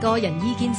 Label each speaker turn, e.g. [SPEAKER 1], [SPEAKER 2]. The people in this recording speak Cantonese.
[SPEAKER 1] 個人意見。